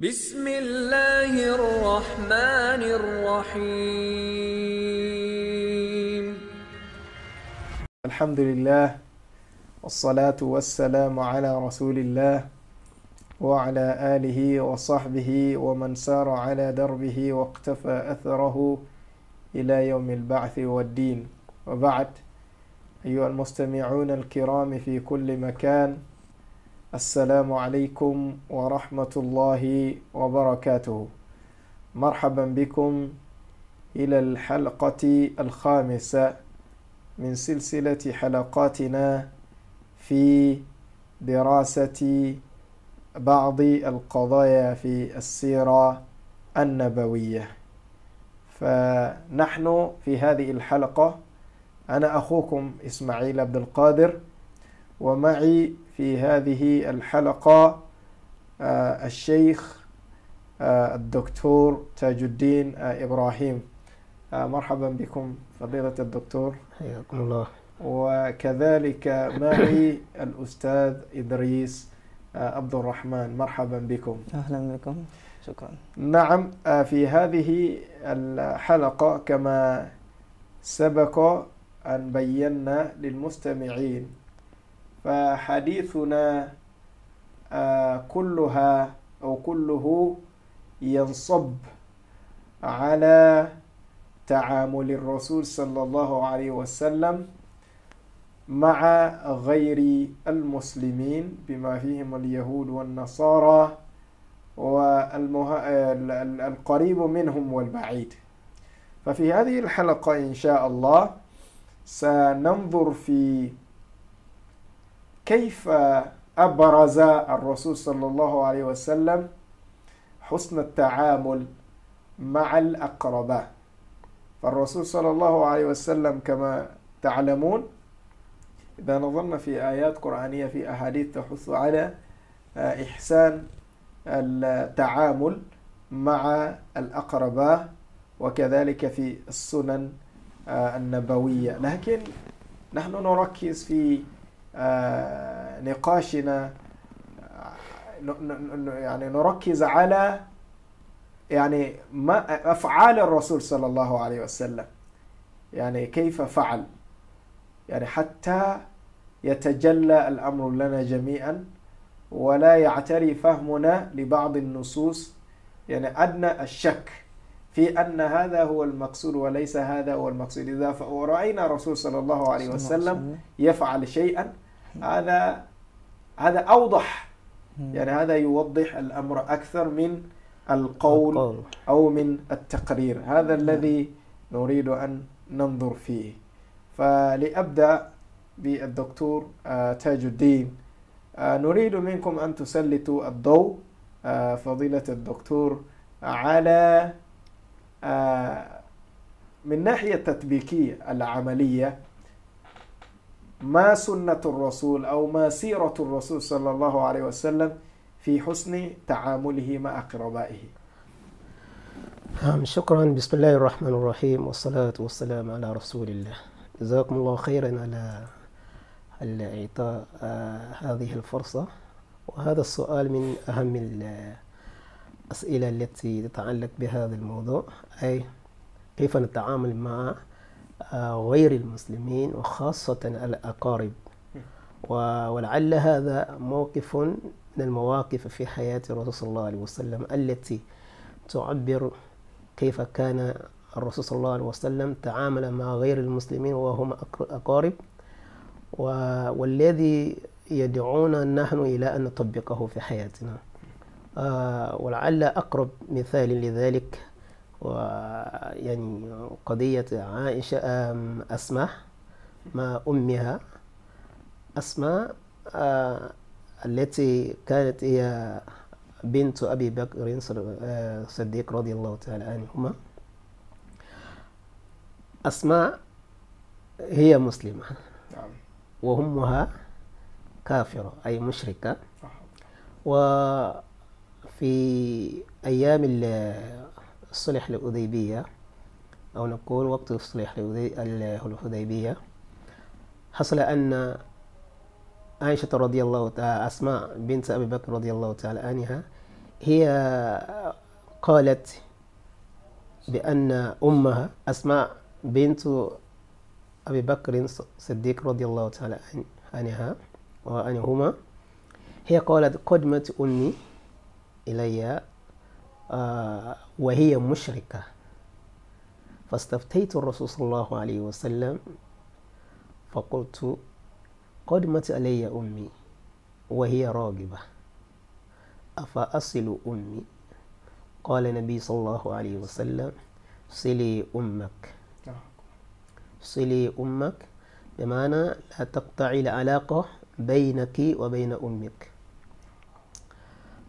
بسم الله الرحمن الرحيم الحمد لله والصلاة والسلام على رسول الله وعلى آله وصحبه ومن سار على دربه واقتفى أثره إلى يوم البعث والدين وبعد أيها المستمعون الكرام في كل مكان السلام عليكم ورحمة الله وبركاته مرحبا بكم إلى الحلقة الخامسة من سلسلة حلقاتنا في دراسة بعض القضايا في السيرة النبوية فنحن في هذه الحلقة أنا أخوكم إسماعيل عبد القادر ومعي في هذه الحلقة آه، الشيخ آه، الدكتور تاج الدين آه، إبراهيم مرحبا بكم فضيلة الدكتور حياكم الله وكذلك معي الأستاذ إدريس عبد الرحمن مرحبا بكم أهلا بكم شكرا نعم في هذه الحلقة كما سبق أن بينا للمستمعين فحديثنا آه، كلها أو كله ينصب على تعامل الرسول صلى الله عليه وسلم مع غير المسلمين بما فيهم اليهود والنصارى والقريب منهم والبعيد ففي هذه الحلقة إن شاء الله سننظر في كيف أبرز الرسول صلى الله عليه وسلم حسن التعامل مع الأقرباء فالرسول صلى الله عليه وسلم كما تعلمون إذا نظرنا في آيات قرآنية في أحاديث تحث على آه، إحسان التعامل مع الأقرباء وكذلك في السنن آه، النبوية لكن نحن نركز في آه، نقاشنا آه، يعني نركز على يعني ما أفعال الرسول صلى الله عليه وسلم يعني كيف فعل يعني حتى يتجلى الأمر لنا جميعا ولا يعتري فهمنا لبعض النصوص يعني أدنى الشك في أن هذا هو المقصود وليس هذا هو المقصود إذا رأينا رسول صلى الله عليه وسلم يفعل شيئا هذا هذا أوضح يعني هذا يوضح الأمر أكثر من القول أو من التقرير هذا نعم. الذي نريد أن ننظر فيه فلأبدأ بالدكتور آه، تاج الدين آه، نريد منكم أن تسلطوا الضوء آه، فضيلة الدكتور على آه، من ناحية تطبيقية العملية ما سنة الرسول أو ما سيرة الرسول صلى الله عليه وسلم في حسن تعامله مع أقربائه نعم، شكرا بسم الله الرحمن الرحيم والصلاة والسلام على رسول الله جزاكم الله خيرا على الإعطاء إعطاء آه، هذه الفرصة وهذا السؤال من أهم الأسئلة التي تتعلق بهذا الموضوع أي كيف نتعامل مع آه، غير المسلمين وخاصة الأقارب ولعل هذا موقف من المواقف في حياة الرسول صلى الله عليه وسلم التي تعبر كيف كان الرسول صلى الله عليه وسلم تعامل مع غير المسلمين وهم أقارب والذي يدعونا نحن إلى أن نطبقه في حياتنا آه، ولعل أقرب مثال لذلك يعني قضية عائشة أسماء مع أمها أسماء آه، التي كانت هي بنت أبي بكر الصديق آه، رضي الله تعالى عنهما أسماء هي مسلمة نعم. وأمها كافرة أي مشركة و في أيام الصلح الأذيبية أو نقول وقت الصلح الأذيبية حصل أن عائشة رضي الله تعالى أسماء بنت أبي بكر رضي الله تعالى عنها هي قالت بأن أمها أسماء بنت أبي بكر صديق رضي الله تعالى عنها وعنهما هي قالت قدمت أمي إلي آه، وهي مشركة فاستفتيت الرسول صلى الله عليه وسلم فقلت قدمت علي أمي وهي راغبة أفأصل أمي قال النبي صلى الله عليه وسلم صلي أمك صلي أمك بمعنى لا تقطعي العلاقة بينك وبين أمك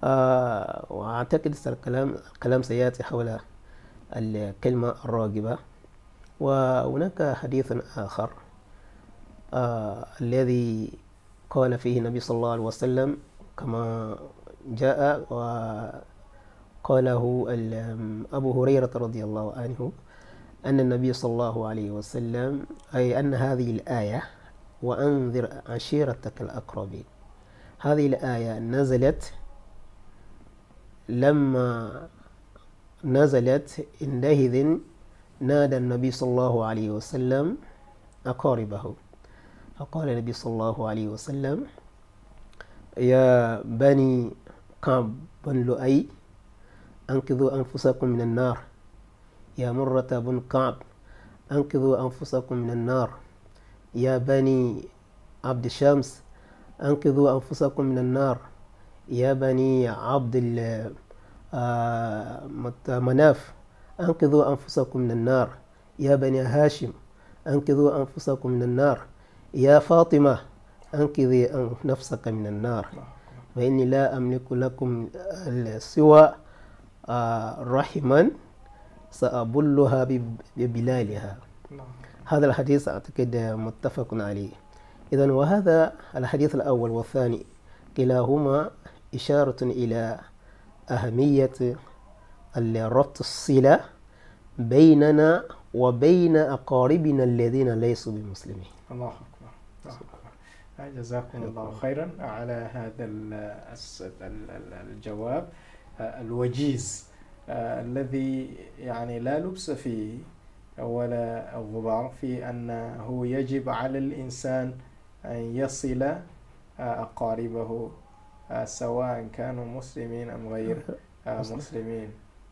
آه، واعتقد الكلام كلام سياتي حول الكلمه الراغبه وهناك حديث اخر آه الذي قال فيه النبي صلى الله عليه وسلم كما جاء وقاله أبو هريرة رضي الله عنه أن النبي صلى الله عليه وسلم أي أن هذه الآية وأنذر عشيرتك الأقربين هذه الآية نزلت لما نزلت عندئذ نادى النبي صلى الله عليه وسلم أقاربه فقال النبي صلى الله عليه وسلم يا بني كعب بن لؤي أنقذوا أنفسكم من النار يا مرة بن كعب أنقذوا أنفسكم من النار يا بني عبد الشمس أنقذوا أنفسكم من النار يا بني عبد آه، مناف أنقذوا أنفسكم من النار يا بني هاشم أنقذوا أنفسكم من النار يا فاطمة أنقذي نفسك من النار فإني لا أملك لكم سوى آه، رحما سأبلها ببلالها هذا الحديث أعتقد متفق عليه إذا وهذا الحديث الأول والثاني كلاهما إشارة إلى أهمية الربط الصلة بيننا وبين أقاربنا الذين ليسوا بمسلمين الله أكبر, الله أكبر. جزاكم الله خيرا على هذا الجواب الوجيز الذي يعني لا لبس فيه ولا غبار في أنه يجب على الإنسان أن يصل أقاربه آه، سواء كانوا مسلمين أم غير آه، مسلمين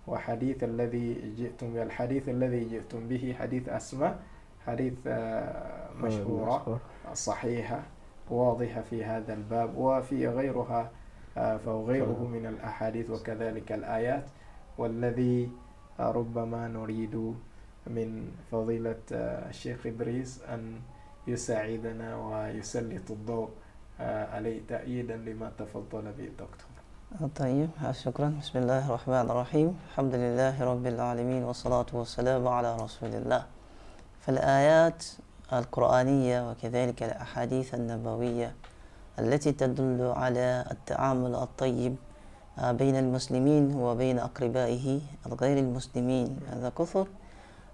وحديث الذي جئتم الحديث الذي جئتم به حديث أسماء حديث آه، طيب، مشهورة صحيحة واضحة في هذا الباب وفي غيرها فهو غيره طيب. من الأحاديث وكذلك الآيات والذي ربما نريد من فضيلة الشيخ إدريس أن يساعدنا ويسلط الضوء آه، عليه تأييدا لما تفضل به الدكتور آه، طيب آه، شكرا بسم الله الرحمن الرحيم الحمد لله رب العالمين والصلاة والسلام على رسول الله فالآيات القرآنية وكذلك الأحاديث النبوية التي تدل على التعامل الطيب بين المسلمين وبين أقربائه غير المسلمين هذا كثر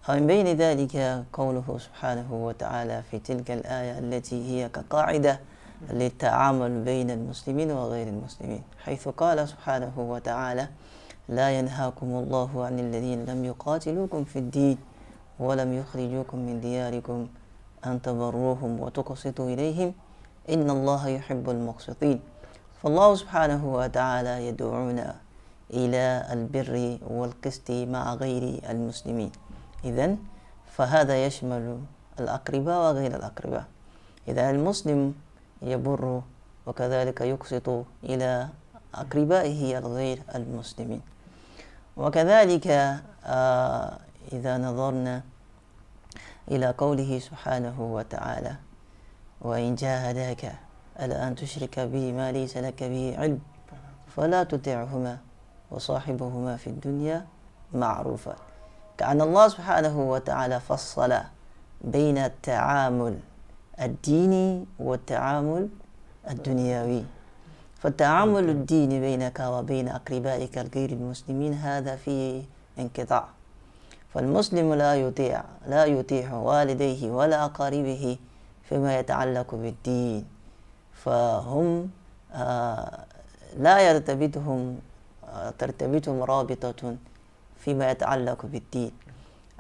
ومن بين ذلك قوله سبحانه وتعالى في تلك الآية التي هي كقاعدة للتعامل بين المسلمين وغير المسلمين حيث قال سبحانه وتعالى لا ينهاكم الله عن الذين لم يقاتلوكم في الدين ولم يخرجوكم من دياركم أن تبروهم وتقسطوا إليهم إن الله يحب المقسطين فالله سبحانه وتعالى يدعونا إلى البر والقسط مع غير المسلمين إذا فهذا يشمل الأقرباء وغير الأقرباء إذا المسلم يبر وكذلك يقسط إلى أقربائه الغير المسلمين وكذلك آه إذا نظرنا إلى قوله سبحانه وتعالى وإن جاهداك ألا أن تشرك به ما ليس لك به علم فلا تطعهما وصاحبهما في الدنيا معروفا كأن الله سبحانه وتعالى فصل بين التعامل الديني والتعامل الدنيوي فالتعامل الديني بينك وبين أقربائك الغير المسلمين هذا فيه انقطاع فالمسلم لا يطيع لا يطيع والديه ولا أقاربه فيما يتعلق بالدين فهم آه، لا يرتبطهم آه، ترتبطهم رابطة فيما يتعلق بالدين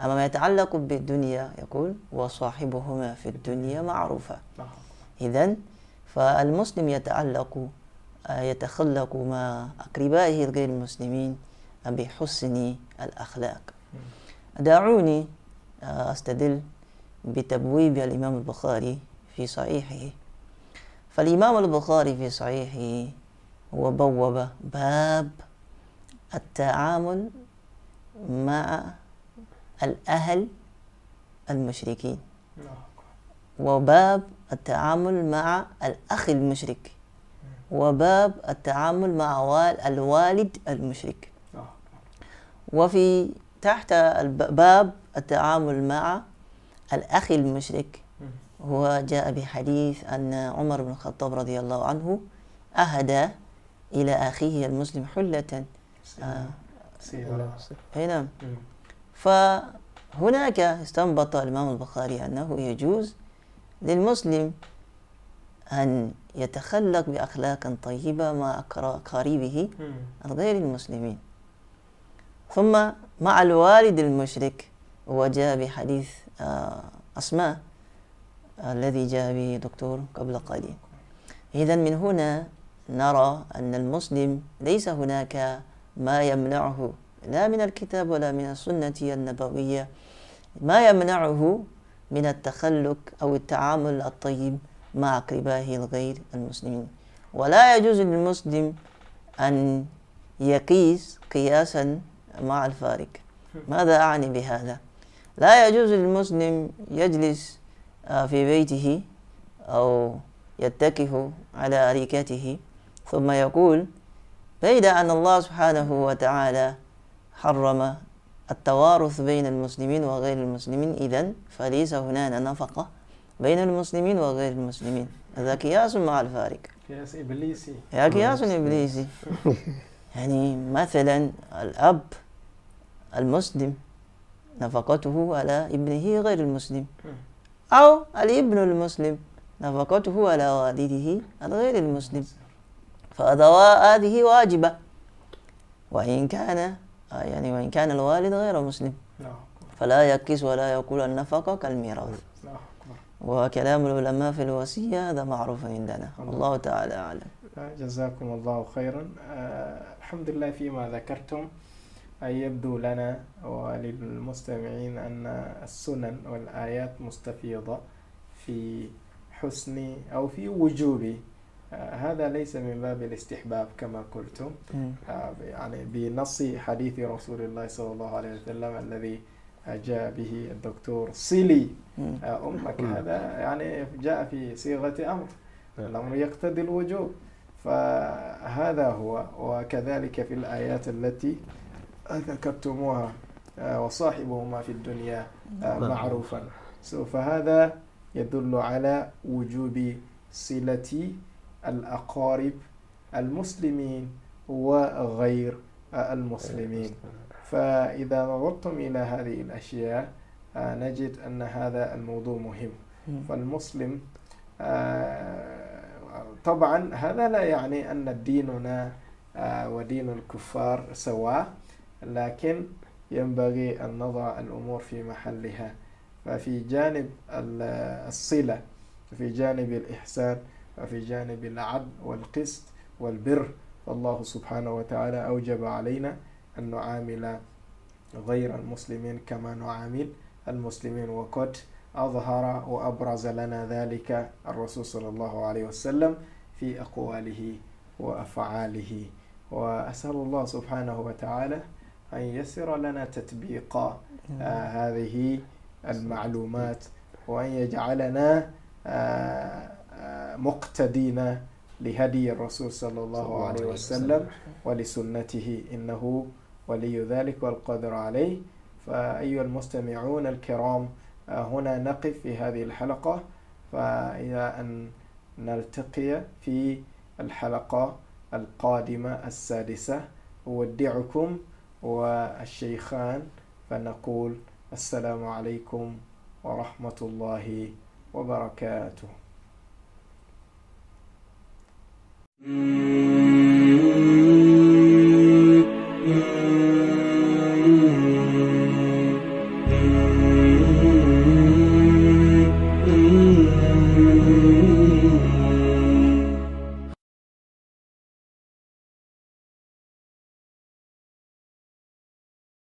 أما ما يتعلق بالدنيا يقول وصاحبهما في الدنيا معروفة إذا فالمسلم يتعلق يتخلق مع أقربائه غير المسلمين بحسن الأخلاق دعوني آه، أستدل بتبويب الإمام البخاري في صحيحه فالإمام البخاري في صحيحه هو بوب باب التعامل مع الأهل المشركين وباب التعامل مع الأخ المشرك وباب التعامل مع الوالد المشرك وفي تحت باب التعامل مع الأخ المشرك هو جاء بحديث أن عمر بن الخطاب رضي الله عنه أهدى إلى أخيه المسلم حلة سيارة آه. نعم فهناك استنبط الإمام البخاري أنه يجوز للمسلم أن يتخلق بأخلاق طيبة مع أقاربه الغير المسلمين ثم مع الوالد المشرك وجاء بحديث آه، أسماء الذي جاء به دكتور قبل قليل إذا من هنا نرى أن المسلم ليس هناك ما يمنعه لا من الكتاب ولا من السنة النبوية ما يمنعه من التخلق أو التعامل الطيب مع أقربائه الغير المسلمين ولا يجوز للمسلم أن يقيس قياسا مع الفارق ماذا أعني بهذا؟ لا يجوز للمسلم يجلس آه، في بيته أو يتكه على أريكته ثم يقول بيد أن الله سبحانه وتعالى حرم التوارث بين المسلمين وغير المسلمين إذا فليس هناك نفقة بين المسلمين وغير المسلمين هذا قياس مع الفارق قياس إبليسي يا قياس إبليسي يعني مثلا الأب المسلم نفقته على ابنه غير المسلم أو الابن المسلم نفقته على والده الغير المسلم فهذه واجبة وإن كان آه، يعني وإن كان الوالد غير مسلم نعم. فلا يكس ولا يقول النفقة كالميراث نعم. نعم. وكلام العلماء في الوصية هذا معروف عندنا الله تعالى أعلم جزاكم الله خيرا آه، الحمد لله فيما ذكرتم يبدو لنا وللمستمعين أن السنن والآيات مستفيضة في حسن أو في وجوب هذا ليس من باب الاستحباب كما قلتم آه، يعني بنص حديث رسول الله صلى الله عليه وسلم الذي جاء به الدكتور صلي آه، امك هذا يعني جاء في صيغه امر الامر نعم. يقتضي الوجوب فهذا هو وكذلك في الايات التي ذكرتموها آه، وصاحبهما في الدنيا نعم. معروفا فهذا يدل على وجوب صله الأقارب المسلمين وغير المسلمين فإذا نظرتم إلى هذه الأشياء آه، نجد أن هذا الموضوع مهم فالمسلم آه، طبعا هذا لا يعني أن ديننا آه، ودين الكفار سواء لكن ينبغي أن نضع الأمور في محلها ففي جانب الصلة في جانب الإحسان ففي جانب العدل والقسط والبر فالله سبحانه وتعالى أوجب علينا أن نعامل غير المسلمين كما نعامل المسلمين وقد أظهر وأبرز لنا ذلك الرسول صلى الله عليه وسلم في أقواله وأفعاله وأسأل الله سبحانه وتعالى أن يسر لنا تطبيق آه هذه المعلومات وأن يجعلنا آه مقتدين لهدي الرسول صلى الله عليه وسلم ولسنته إنه ولي ذلك والقادر عليه فأيها المستمعون الكرام هنا نقف في هذه الحلقة فإلى أن نلتقي في الحلقة القادمة السادسة أودعكم والشيخان فنقول السلام عليكم ورحمة الله وبركاته Mm.